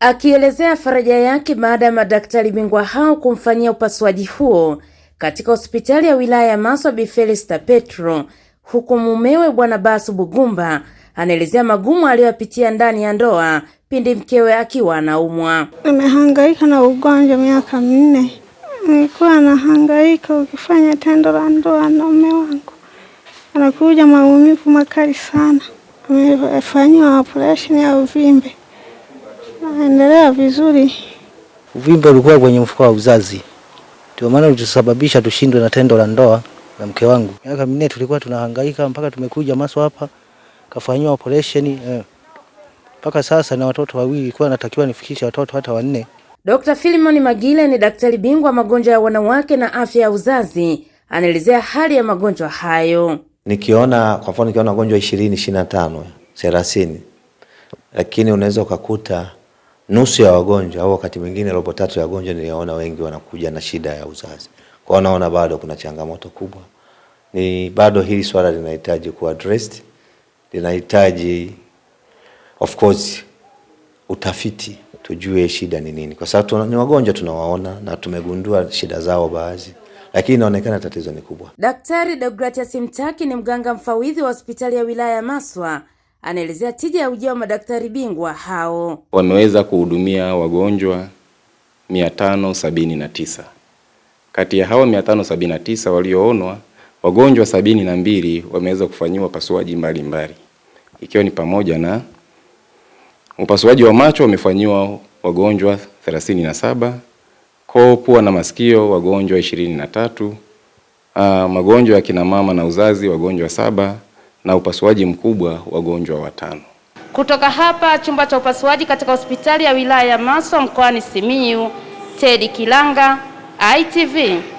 akielezea faraja yake baada ya madaktari bingwa hao kumfanyia upasuaji huo katika hospitali ya wilaya ya Maswa Bi Felista Petro, huku mumewe Bwana Basu Bugumba anaelezea magumu aliyoyapitia ndani ya ndoa pindi mkewe akiwa anaumwa. Nimehangaika na ugonjwa miaka minne, nilikuwa nahangaika ukifanya tendo la ndoa na mume wangu anakuja maumivu makali sana, amefanyiwa operesheni ya uvimbe Naendelea vizuri. Uvimbe ulikuwa kwenye mfuko wa uzazi, ndio maana ulitusababisha tushindwe na tendo la ndoa na mke wangu. Miaka minne tulikuwa tunahangaika mpaka tumekuja Maswa hapa, kafanyiwa operation eh. mpaka eh. Sasa na watoto wawili, kwa natakiwa nifikishe watoto hata wanne. Dr. Philimon Magile ni daktari bingwa magonjwa ya wanawake na afya ya uzazi, anaelezea hali ya magonjwa hayo. Nikiona kwa mfano, nikiona wagonjwa ishirini, ishirini na tano, thelathini, lakini unaweza ukakuta nusu ya wagonjwa au wakati mwingine robo tatu ya wagonjwa niliona wengi wanakuja na shida ya uzazi. Kwa hiyo naona bado kuna changamoto kubwa, ni bado hili swala linahitaji ku addressed, linahitaji of course utafiti, tujue shida ni nini, kwa sababu ni wagonjwa tunawaona na tumegundua shida zao baadhi lakini inaonekana tatizo ni kubwa. Daktari Deogratias Mtaki ni mganga mfawidhi wa hospitali ya wilaya ya Maswa anaelezea tija ya ujio wa madaktari bingwa hao. Wameweza kuhudumia wagonjwa 579. Kati ya hao 579 walioonwa, wagonjwa 72 wameweza kufanyiwa upasuaji mbalimbali, ikiwa ni pamoja na upasuaji wa macho wamefanyiwa wagonjwa 37, koo, pua na masikio wagonjwa 23, tatu ah, magonjwa ya kinamama na uzazi wagonjwa saba na upasuaji mkubwa wagonjwa watano. Kutoka hapa chumba cha upasuaji katika hospitali ya wilaya ya Maswa mkoani Simiyu, Teddy Kilanga, ITV.